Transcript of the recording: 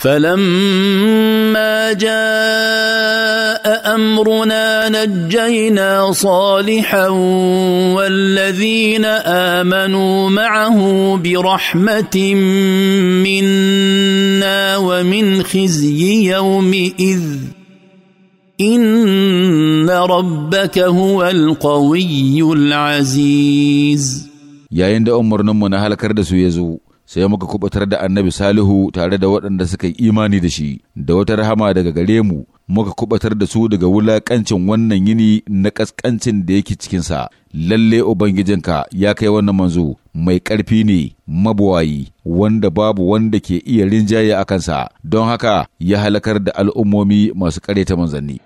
فلما جاء امرنا نجينا صالحا والذين امنوا معه برحمه منا ومن خزي يومئذ ان ربك هو القوي العزيز يا عند امرنا من هلكر دسو يزو sai muka kubutar da annabi Salihu tare da waɗanda suka yi imani da shi, da wata rahama daga gare mu, muka kubatar da su daga wulaƙancin wannan yini na ƙasƙancin da yake cikinsa. Lalle Ubangijinka ya kai wannan manzo, mai ƙarfi ne, mabuwayi, wanda babu wanda ke iya rinjaye a kansa, don haka ya halakar da al'ummomi masu ƙareta manzanni.